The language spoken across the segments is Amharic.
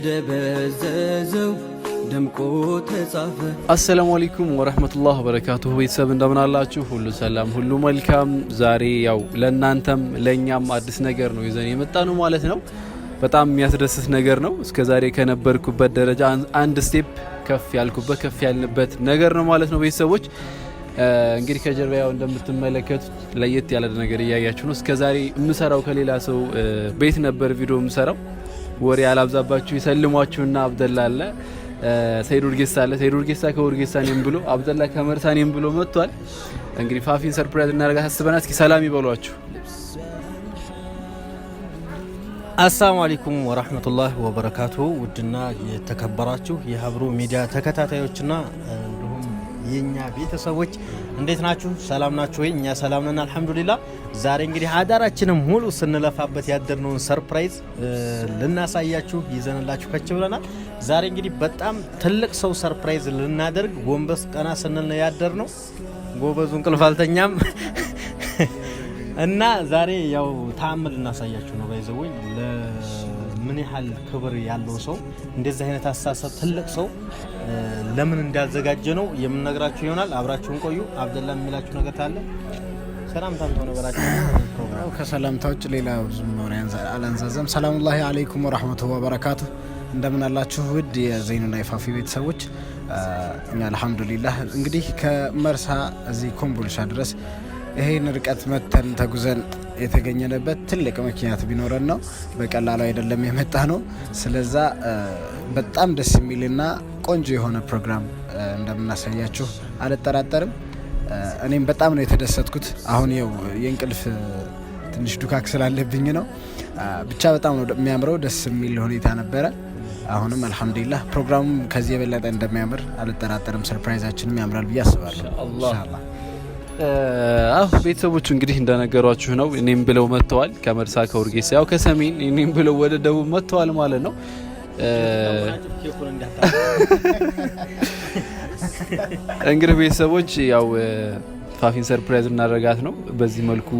በደበዘዘው ደምቆ ተጻፈ። አሰላሙ አለይኩም ወረህመቱላህ ወበረካቱሁ። ቤተሰብ እንደምናላችሁ ሁሉ ሰላም፣ ሁሉ መልካም። ዛሬ ያው ለእናንተም ለእኛም አዲስ ነገር ነው ይዘን የመጣ ነው ማለት ነው። በጣም የሚያስደስት ነገር ነው። እስከ ዛሬ ከነበርኩበት ደረጃ አንድ ስቴፕ ከፍ ያልኩበት ከፍ ያልንበት ነገር ነው ማለት ነው። ቤተሰቦች እንግዲህ ከጀርባ ያው እንደምትመለከቱት ለየት ያለ ነገር እያያችሁ ነው። እስከ ዛሬ የምሰራው ከሌላ ሰው ቤት ነበር ቪዲዮ የምሰራው ወሬ ያላብዛባችሁ ይሰልሟችሁና አብደላ አለ ሰይድ ኡርጌሳ አለ። ሰይድ ኡርጌሳ ከኡርጌሳ ብሎ አብደላ ከመርሳ እኔም ብሎ መጥቷል። እንግዲህ ፋፊን ሰርፕራይዝ እናደርጋት አስበናል። እስኪ ሰላም ይበሏችሁ። አሰላሙ አለይኩም ወራህመቱላህ ወበረካቱ። ውድና የተከበራችሁ የሀብሩ ሚዲያ ተከታታዮችና የኛ ቤተሰቦች እንዴት ናችሁ? ሰላም ናችሁ ወይ? እኛ ሰላም ነን አልሐምዱሊላ። ዛሬ እንግዲህ አዳራችንም ሙሉ ስንለፋበት ያደርነውን ሰርፕራይዝ ልናሳያችሁ ይዘንላችሁ ከች ብለናል። ዛሬ እንግዲህ በጣም ትልቅ ሰው ሰርፕራይዝ ልናደርግ ጎንበስ ቀና ስንል ነው ያደርነው። ጎበዙ እንቅልፍ አልተኛም እና ዛሬ ያው ተአምር ልናሳያችሁ ነው ወይ ምን ያህል ክብር ያለው ሰው እንደዚህ አይነት አስተሳሰብ ትልቅ ሰው ለምን እንዳዘጋጀ ነው የምነግራችሁ ይሆናል። አብራችሁን ቆዩ። አብደላ የሚላችሁ ነገር ካለ ሰላምታም ተሆነ በላችሁ። ከሰላምታዎች ሌላ ብዙ አላንዛዘም። ሰላሙላሂ አለይኩም ወረሕመቱሁ ወበረካቱ። እንደምን አላችሁ ውድ የዘይኑና የፋፊ ቤተሰቦች፣ እኛ አልሐምዱሊላህ እንግዲህ ከመርሳ እዚህ ኮምቦልቻ ድረስ ይሄን ርቀት መተን ተጉዘን የተገኘንበት ትልቅ ምክንያት ቢኖረን ነው። በቀላሉ አይደለም የመጣ ነው። ስለዛ በጣም ደስ የሚልና ቆንጆ የሆነ ፕሮግራም እንደምናሳያችሁ አልጠራጠርም። እኔም በጣም ነው የተደሰትኩት። አሁን ው የእንቅልፍ ትንሽ ዱካክ ስላለብኝ ነው። ብቻ በጣም ነው የሚያምረው፣ ደስ የሚል ሁኔታ ነበረ። አሁንም አልሐምዱሊላህ ፕሮግራሙም ከዚህ የበለጠ እንደሚያምር አልጠራጠርም። ሰርፕራይዛችንም ያምራል ብዬ አስባለሁ። አሁ ቤተሰቦቹ እንግዲህ እንደነገሯችሁ ነው። እኔም ብለው መጥተዋል ከመርሳ ከውርጌሳ፣ ያው ከሰሜን እኔም ብለው ወደ ደቡብ መጥተዋል ማለት ነው። እንግዲህ ቤተሰቦች ያው ፋፊን ሰርፕራይዝ እናደረጋት ነው። በዚህ መልኩ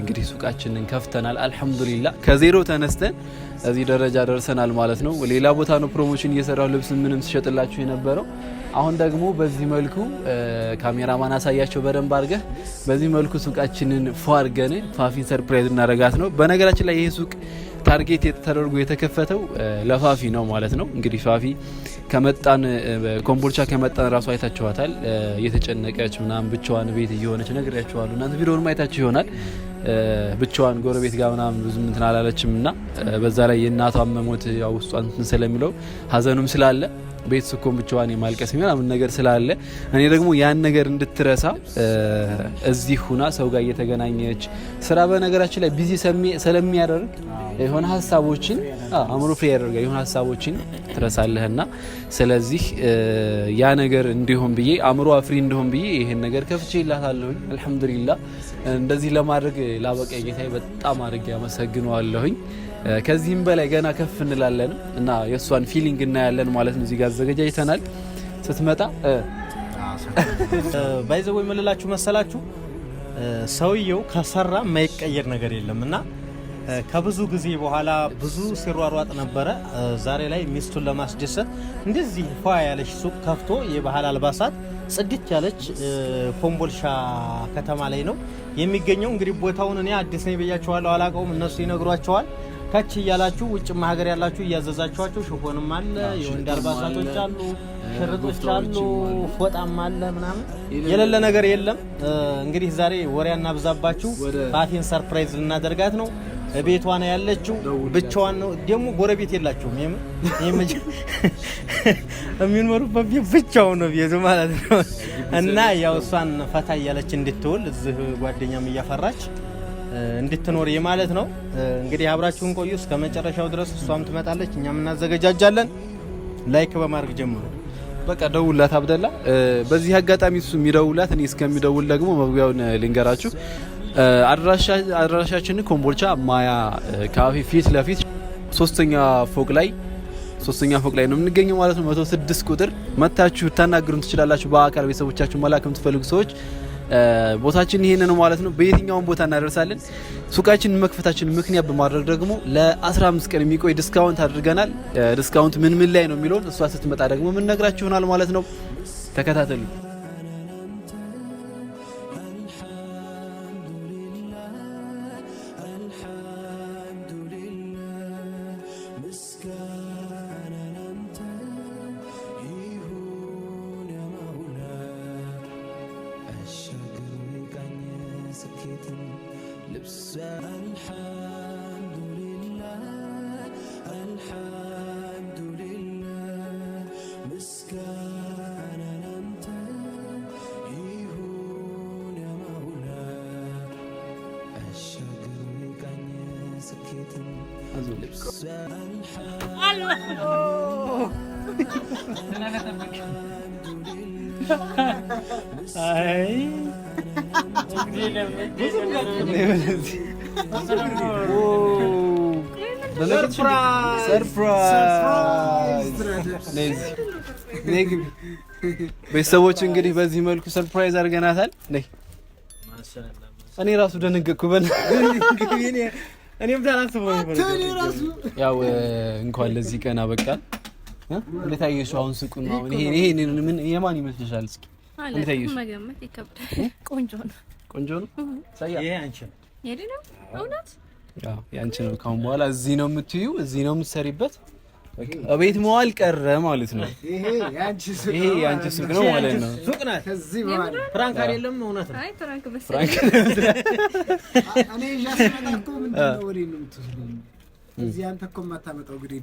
እንግዲህ ሱቃችንን ከፍተናል። አልሐምዱሊላ ከዜሮ ተነስተን እዚህ ደረጃ ደርሰናል ማለት ነው። ሌላ ቦታ ነው ፕሮሞሽን እየሰራው ልብስ ምንም ሲሸጥላችሁ የነበረው። አሁን ደግሞ በዚህ መልኩ ካሜራማን አሳያቸው በደንብ አድርገህ። በዚህ መልኩ ሱቃችንን ፏ አድርገን ፋፊን ሰርፕራይዝ እናደረጋት ነው። በነገራችን ላይ ይሄ ሱቅ ታርጌት ተደርጎ የተከፈተው ለፋፊ ነው ማለት ነው። እንግዲህ ፋፊ ከመጣን ኮምቦልቻ ከመጣን ራሱ አይታችኋታል። እየተጨነቀች ምናምን ብቻዋን ቤት እየሆነች ነግሬያችኋለሁ። እናንተ ቪዲዮውን አይታችሁ ይሆናል። ብቻዋን ጎረቤት ጋር ምናምን ብዙ እንትን አላለችም እና በዛ ላይ የእናቷ መሞት ያው ውስጧን እንትን ስለሚለው ሀዘኑም ስላለ ቤት ስኮን ብቻዋን የማልቀስ ምናምን ነገር ስላለ እኔ ደግሞ ያን ነገር እንድትረሳ እዚህ ሁና ሰው ጋር እየተገናኘች ስራ በነገራችን ላይ ቢዚ ስለሚያደርግ የሆነ ሀሳቦችን አእምሮ ፍሬ ያደርጋል። የሆነ ሀሳቦችን ትረሳለህና ስለዚህ ያ ነገር እንዲሆን ብዬ አእምሮ አፍሪ እንዲሆን ብዬ ይሄን ነገር ከፍቼ ይላታለሁኝ። አልሐምዱሊላ እንደዚህ ለማድረግ ላበቃ ጌታዬ በጣም አድርጌ አመሰግነዋለሁኝ። ከዚህም በላይ ገና ከፍ እንላለን እና የእሷን ፊሊንግ እናያለን ማለት ነው። እዚህ ጋር አዘገጃጅተናል ስትመጣ ባይዘወይ የምልላችሁ መሰላችሁ ሰውየው ከሰራ የማይቀየር ነገር የለም እና ከብዙ ጊዜ በኋላ ብዙ ሲሯሯጥ ነበረ። ዛሬ ላይ ሚስቱን ለማስደሰት እንደዚህ ፏ ያለች ሱቅ ከፍቶ የባህል አልባሳት ጽድት ያለች ኮምቦልሻ ከተማ ላይ ነው የሚገኘው። እንግዲህ ቦታውን እኔ አዲስ ነኝ ብያችኋለሁ፣ አላውቀውም። እነሱ ይነግሯቸዋል። ከች እያላችሁ ውጭ ሀገር ያላችሁ እያዘዛችኋቸው፣ ሽፎንም አለ፣ የወንድ አልባሳቶች አሉ፣ ሽርጦች አሉ፣ ፎጣም አለ ምናምን የሌለ ነገር የለም። እንግዲህ ዛሬ ወሬ እናብዛባችሁ ፋቲን ሰርፕራይዝ ልናደርጋት ነው። ቤቷ ነው ያለችው። ብቻዋን ነው ደግሞ ጎረቤት የላቸውም። የሚኖሩበት ቤት ብቻው ነው ቤቱ ማለት ነው። እና ያው እሷን ፈታ እያለች እንድትውል እዚህ ጓደኛም እያፈራች እንድትኖር ማለት ነው። እንግዲህ አብራችሁን ቆዩ እስከ መጨረሻው ድረስ። እሷም ትመጣለች፣ እኛም እናዘገጃጃለን። ላይክ በማድረግ ጀምሩ። በቃ ደውላት አብደላ። በዚህ አጋጣሚ እሱ የሚደውላት እኔ እስከሚደውል ደግሞ መግቢያውን ልንገራችሁ አድራሻችን ኮምቦልቻ ማያ ካፌ ፊት ለፊት ሶስተኛ ፎቅ ላይ ሶስተኛ ፎቅ ላይ ነው የምንገኘው ማለት ነው። መቶ ስድስት ቁጥር መታችሁ ታናግሩን ትችላላችሁ። በአካል ቤተሰቦቻችሁ መላክ የምትፈልጉ ሰዎች ቦታችን ይሄን ነው ማለት ነው። በየትኛውን ቦታ እናደርሳለን። ሱቃችን መክፈታችን ምክንያት በማድረግ ደግሞ ለ15 ቀን የሚቆይ ዲስካውንት አድርገናል። ዲስካውንት ምን ምን ላይ ነው የሚለውን እሷ ስትመጣ ደግሞ የምንነግራችሁ ይሆናል ማለት ነው። ተከታተሉ። الساعة الحمد لله الحمد لله مسكانا أنت هنا مولاي أشهد بك أن سكيت الحمد لله ቤተሰቦች እንግዲህ በዚህ መልኩ ሰርፕራይዝ አድርገናታል። እኔ ራሱ ደነገጥኩ። ያው እንኳን ለዚህ ቀን አበቃል። እንዴት አየሽው? አሁን ስቁን ነው። ይሄ ይሄ ምን የማን ይመስልሻል? እስኪ መገመት ያንቺ ነው። ካሁን በኋላ እዚህ ነው የምትዩ፣ እዚህ ነው የምትሰሪበት። ቤት መዋል ቀረ ማለት ነው። ይሄ ያንቺ ሱቅ ነው ማለት ነው። ሱቅ ናት። ፍራንክ አይደለም፣ እውነት ነው። አይ ፍራንክ እዚህ አንተ እኮ የማታመጣው እንግዲህ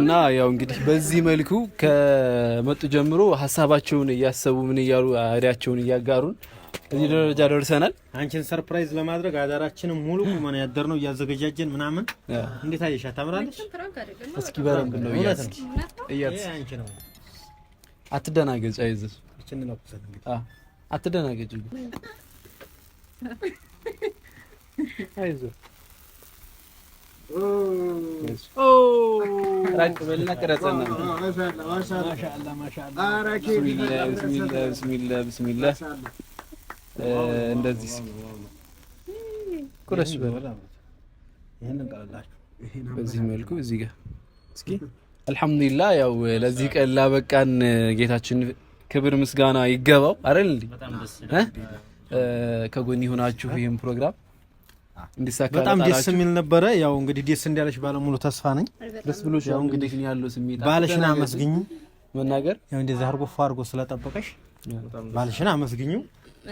እና ያው እንግዲህ በዚህ መልኩ ከመጡ ጀምሮ ሀሳባቸውን እያሰቡ ምን እያሉ አሪያቸውን እያጋሩን እዚህ ደረጃ ደርሰናል። አንቺን ሰርፕራይዝ ለማድረግ አዳራችንም ሙሉ ቁመን ያደር ነው እያዘገጃጀን ምናምን። እንዴት አየሻ? ታምራለች። እስኪ በረንብ ነው እያስኪ ነው። አትደናገጭ፣ አይዞሽ። አትደናገጭ አይዞህ ራቅ በልና ቀረጸን ነው። ማሻአላህ ማሻአላህ። ቢስሚላህ ቢስሚላህ ቢስሚላህ። እንደዚህ ቁረስ በዚህ መልኩ እዚህ ጋር እስኪ አልሐምዱሊላህ። ያው ለዚህ ቀን ላበቃን ጌታችን ክብር ምስጋና ይገባው ከጎን የሆናችሁ ይህም ፕሮግራም እንዲሳካ በጣም ደስ የሚል ነበረ። ያው እንግዲህ ደስ እንዲያለሽ ባለሙሉ ተስፋ ነኝ። ደስ ብሎ ያው እንግዲህ ያለው ስሜት ባለሽን አመስግኙ መናገር ያው እንደዚህ አርጎ ፏ አርጎ ስለጠበቀሽ ባለሽን አመስግኙ።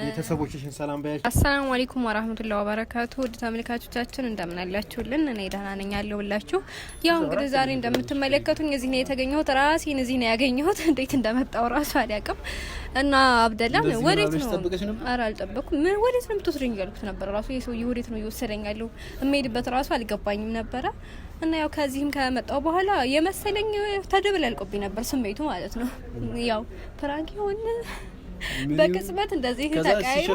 ቤተሰቦችሽን ሰላም በያቸው። አሰላሙ አለይኩም ወራህመቱላሂ ወበረካቱ። ውድ ተመልካቾቻችን እንደምን አላችሁልን? እኔ ደህና ነኝ አለሁላችሁ። ያው እንግዲህ ዛሬ እንደምትመለከቱኝ እዚህ ነው የተገኘሁት። ራሴን እዚህ ነው ያገኘሁት። እንዴት እንደመጣው ራሱ አልያውቅም። እና አብደላ ወዴት ነው? ኧረ አልጠበኩም። ምን ወዴት ነው የምትወስደኝ እያልኩት ነበር። ራሱ የሰውዬ ወዴት ነው እየወሰደኝ ያለው? የምሄድበት ራሱ አልገባኝም ነበረ። እና ያው ከዚህም ከመጣው በኋላ የመሰለኝ ተደብል ነበር ስሜቱ ማለት ነው። ያው ፕራንክ ይሆን በቅጽበት እንደዚህ ተቃይሮ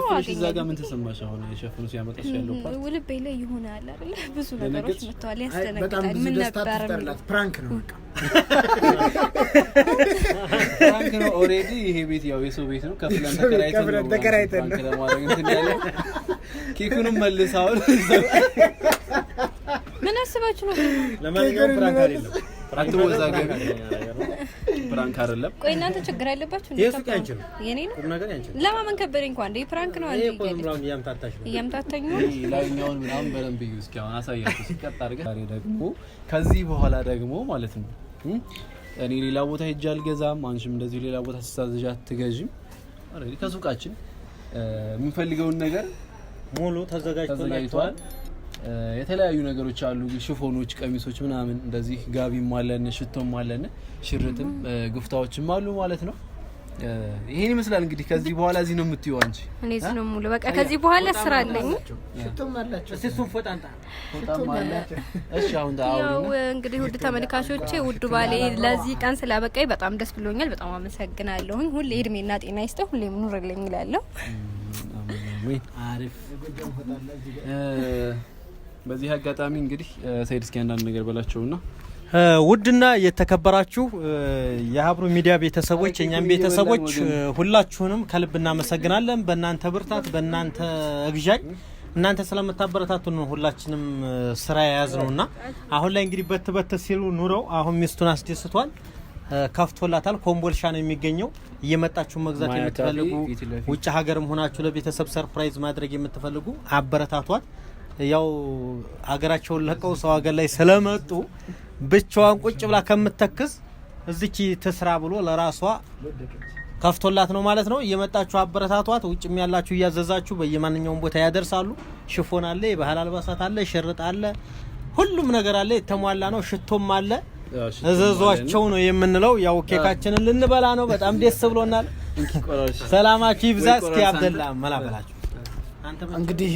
ጋ ምን ተሰማሽ? አሁን የሸፍኑ ሲያመጣሽ ያለው ውልቤ ላይ የሆነ አለ ብዙ ነገሮች መጥተዋል። ያስደነግጣል። ምን ነበር ፕራንክ ነው በቃ ፕራንክ ነው። ኦልሬዲ ይሄ ቤት ያው የሰው ቤት ነው። ከፍለን ተከራይተን ነው ለማድረግ እንትን ያለ ኬኩንም ምን አስባችሁ ነው? ለማንኛውም ፕራንክ አይደለም። ፕራንክ አይደለም። ቆይ እናንተ ችግር አለባችሁ እንዴ? የሱ ያንቺ ነው የኔ ነው ቁም ነገር ያንቺ ነው። ለማመን ከበደኝ። እንኳን እንዴ ፕራንክ ነው አንዴ ይገርም። እያምታታሽ ነው እያምታታኝ ነው። ላይኛውን ምናምን በደንብ እዩ እስኪ። አሁን አሳያችሁ ሲቀጥ አድርገን ዛሬ ደግሞ ከዚህ በኋላ ደግሞ ማለት ነው እኔ ሌላ ቦታ ሄጄ አልገዛም። አንቺም እንደዚህ ሌላ ቦታ ስታዝዣ አትገዢም። አረ ከሱቃችን የምንፈልገውን ነገር ሙሉ ተዘጋጅቶ ተዘጋጅቷል። የተለያዩ ነገሮች አሉ፣ ሽፎኖች፣ ቀሚሶች ምናምን እንደዚህ ጋቢም አለን፣ ሽቶም አለን፣ ሽርጥም ግፍታዎችም አሉ ማለት ነው። ይሄን ይመስላል እንግዲህ። ከዚህ በኋላ እዚህ ነው የምትይው አንቺ። እኔ እዚህ ነው ሙሉ በቃ። ከዚህ በኋላ ስራ አለኝ። እሺ አሁን ያው እንግዲህ ውድ ተመልካቾቼ፣ ውድ ባሌ ለዚህ ቀን ስላበቃኝ በጣም ደስ ብሎኛል። በጣም አመሰግናለሁኝ። ሁሌ እድሜና ጤና ይስጠው። ሁሌም ኑርልኝ ይላለሁ። አሪፍ በዚህ አጋጣሚ እንግዲህ ሰይድ እስኪ አንዳንድ ነገር በላቸውና ውድና የተከበራችሁ የሀብሩ ሚዲያ ቤተሰቦች የእኛም ቤተሰቦች ሁላችሁንም ከልብ እናመሰግናለን። በእናንተ ብርታት፣ በእናንተ እግዣኝ እናንተ ስለምታበረታቱ ነው ሁላችንም ስራ የያዝ ነውና፣ አሁን ላይ እንግዲህ በት በት ሲሉ ኑረው አሁን ሚስቱን አስደስቷል፣ ከፍቶላታል። ኮምቦልሻ ነው የሚገኘው። እየመጣችሁ መግዛት የምትፈልጉ ውጭ ሀገርም ሆናችሁ ለቤተሰብ ሰርፕራይዝ ማድረግ የምትፈልጉ አበረታቷል። ያው ሀገራቸውን ለቀው ሰው ሀገር ላይ ስለመጡ ብቻዋን ቁጭ ብላ ከምተክስ እዚች ትስራ ብሎ ለራሷ ከፍቶላት ነው ማለት ነው። እየመጣችሁ አበረታቷት። ውጭም ያላችሁ እያዘዛችሁ በየማንኛውም ቦታ ያደርሳሉ። ሽፎን አለ፣ የባህል አልባሳት አለ፣ ሽርጥ አለ፣ ሁሉም ነገር አለ። የተሟላ ነው። ሽቶም አለ። እዘዟቸው ነው የምንለው። ያው ኬካችንን ልንበላ ነው። በጣም ደስ ብሎናል። ሰላማችሁ ይብዛ። እስኪ አብደላ መላበላችሁ እንግዲህ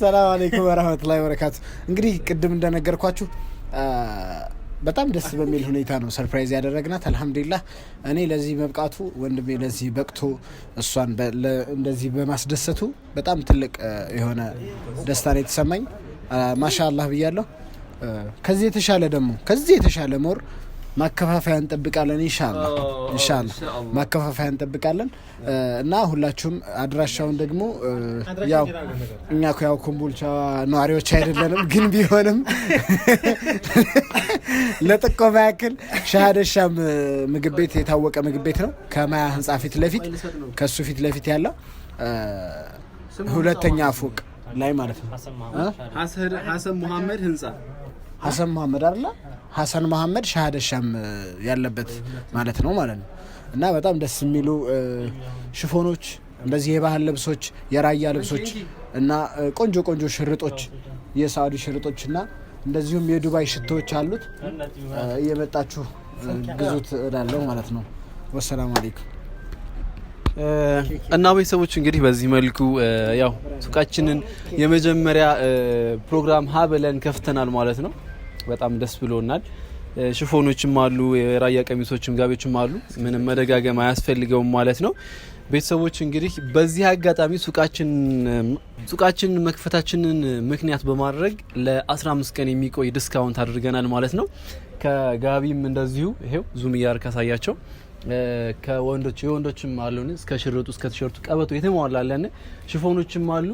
ሰላም አሌይኩም ወረህመቱላሂ ወበረካቱ። እንግዲህ ቅድም እንደነገርኳችሁ በጣም ደስ በሚል ሁኔታ ነው ሰርፕራይዝ ያደረግናት። አልሐምዱሊላህ እኔ ለዚህ መብቃቱ ወንድሜ ለዚህ በቅቶ እሷን እንደዚህ በማስደሰቱ በጣም ትልቅ የሆነ ደስታ ነው የተሰማኝ። ማሻ አላህ ብያለሁ። ከዚህ የተሻለ ደግሞ ከዚህ የተሻለ ሞር ማከፋፈያ እንጠብቃለን። ኢንሻላ ኢንሻላ ማከፋፈያ እንጠብቃለን እና ሁላችሁም አድራሻውን ደግሞ ያው እኛ ያው ኮምቦልቻ ነዋሪዎች አይደለንም፣ ግን ቢሆንም ለጥቆማ ያክል ሻሃደሻም ምግብ ቤት የታወቀ ምግብ ቤት ነው። ከማያ ህንፃ ፊት ለፊት ከእሱ ፊት ለፊት ያለው ሁለተኛ ፎቅ ላይ ማለት ነው። ሀሰን ሙሐመድ ህንፃ ሀሰን መሀመድ አለ ሀሰን መሀመድ ሻሃደ ሻም ያለበት ማለት ነው ማለት ነው። እና በጣም ደስ የሚሉ ሽፎኖች፣ እንደዚህ የባህል ልብሶች፣ የራያ ልብሶች እና ቆንጆ ቆንጆ ሽርጦች፣ የሳዑዲ ሽርጦች እና እንደዚሁም የዱባይ ሽቶዎች አሉት። እየመጣችሁ ግዙት እላለሁ ማለት ነው። ወሰላሙ አሌይኩም። እና ቤተሰቦች እንግዲህ በዚህ መልኩ ያው ሱቃችንን የመጀመሪያ ፕሮግራም ሀ ብለን ከፍተናል ማለት ነው። በጣም ደስ ብሎናል። ሽፎኖችም አሉ፣ የራያ ቀሚሶችም ጋቢዎችም አሉ። ምንም መደጋገም አያስፈልገውም ማለት ነው። ቤተሰቦች እንግዲህ በዚህ አጋጣሚ ሱቃችን መክፈታችንን ምክንያት በማድረግ ለ15 ቀን የሚቆይ ዲስካውንት አድርገናል ማለት ነው። ከጋቢም እንደዚሁ ይሄው ዙም እያር ካሳያቸው ከወንዶች የወንዶችም አሉን እስከ ሽርጡ እስከ ቲሸርቱ ቀበቶ የተሟላለን ሽፎኖችም አሉ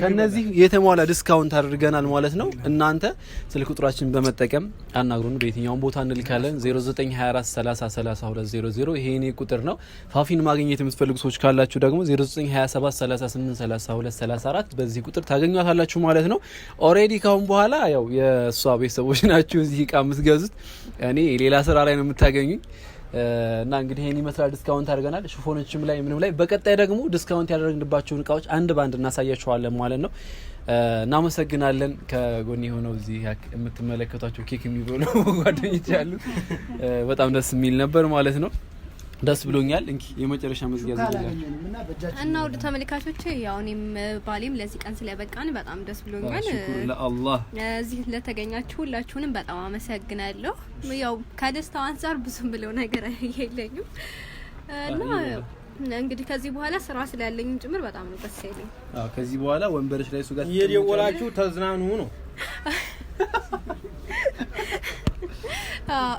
ከነዚህ የተሟላ ዲስካውንት አድርገናል ማለት ነው። እናንተ ስልክ ቁጥራችን በመጠቀም አናግሩን፣ በየትኛውም ቦታ እንልካለን። 0924303200 ይሄ ቁጥር ነው። ፋፊን ማግኘት የምትፈልጉ ሰዎች ካላችሁ ደግሞ 0927383234 በዚህ ቁጥር ታገኟታላችሁ ማለት ነው። ኦሬዲ ካሁን በኋላ ያው የእሷ ቤተሰቦች ናችሁ እዚህ እቃ የምትገዙት። እኔ ሌላ ስራ ላይ ነው የምታገኙኝ። እና እንግዲህ ይህን ይመስላል። ዲስካውንት አድርገናል ሽፎኖችም ላይ ምንም ላይ። በቀጣይ ደግሞ ዲስካውንት ያደረግንባቸውን እቃዎች አንድ በአንድ እናሳያችኋለን ማለት ነው። እናመሰግናለን። ከጎን የሆነው እዚህ የምትመለከቷቸው ኬክ የሚበሉ ጓደኞች ያሉ በጣም ደስ የሚል ነበር ማለት ነው። ደስ ብሎኛል። እንኪ የመጨረሻ መዝጊያ እና ውድ ተመልካቾች ያው እኔም ባሌም ለዚህ ቀን ስለበቃን በጣም ደስ ብሎኛል። ለአላህ እዚህ ለተገኛችሁ ሁላችሁንም በጣም አመሰግናለሁ። ያው ከደስታው አንጻር ብዙም ብለው ነገር የለኝም እና እንግዲህ ከዚህ በኋላ ስራ ስላለኝ ጭምር በጣም ነው ደስ ያለኝ። አዎ ከዚህ በኋላ ወንበርሽ ላይ ሱጋት እየደወላችሁ ተዝናኑ ነው። አዎ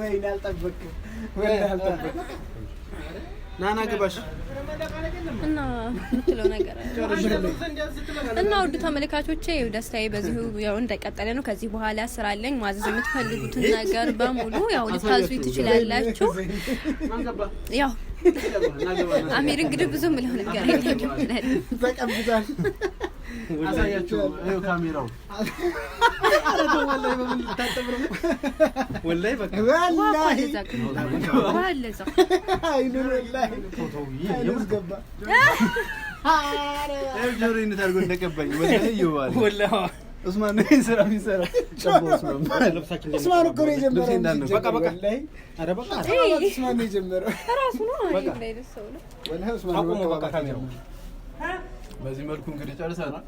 ወይኔ አልጠበቅም፣ ወይኔ አልጠበቅም። ናና ግባሽ እና የምትለው ነገር እና ውድ ተመልካቾቼ ደስታዬ በዚሁ ያው እንደቀጠለ ነው። ከዚህ በኋላ ስራ አለኝ። ማዘዝ የምትፈልጉትን ነገር በሙሉ ያው ልታዙ ትችላላችሁ። ያው አሚር እንግዲህ ብዙ ምለው ነገር አሳያችሁ። ካሜራው ኡስማን ነው ስራ የሚሰራው። ኡስማን እኮ ነው የጀመረው። በቃ በቃ ኡስማን ነው የጀመረው። ራሱ ነው። አይ ላይ ደስ ሰው ነው። በዚህ መልኩ እንግዲህ ጨርሰናል።